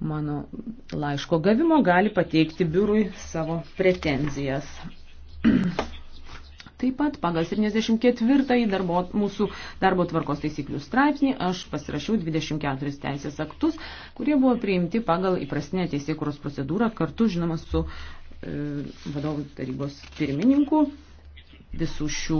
mano laiško gavimo gali pateikti biurui savo pretenzijas. Taip pat pagal 74 darbo, mūsų darbo tvarkos taisyklių straipsnį aš pasirašiau 24 teisės aktus, kurie buvo priimti pagal įprastinę teisėkuros procedūrą kartu, žinoma, su e, vadovų tarybos pirmininku visų šių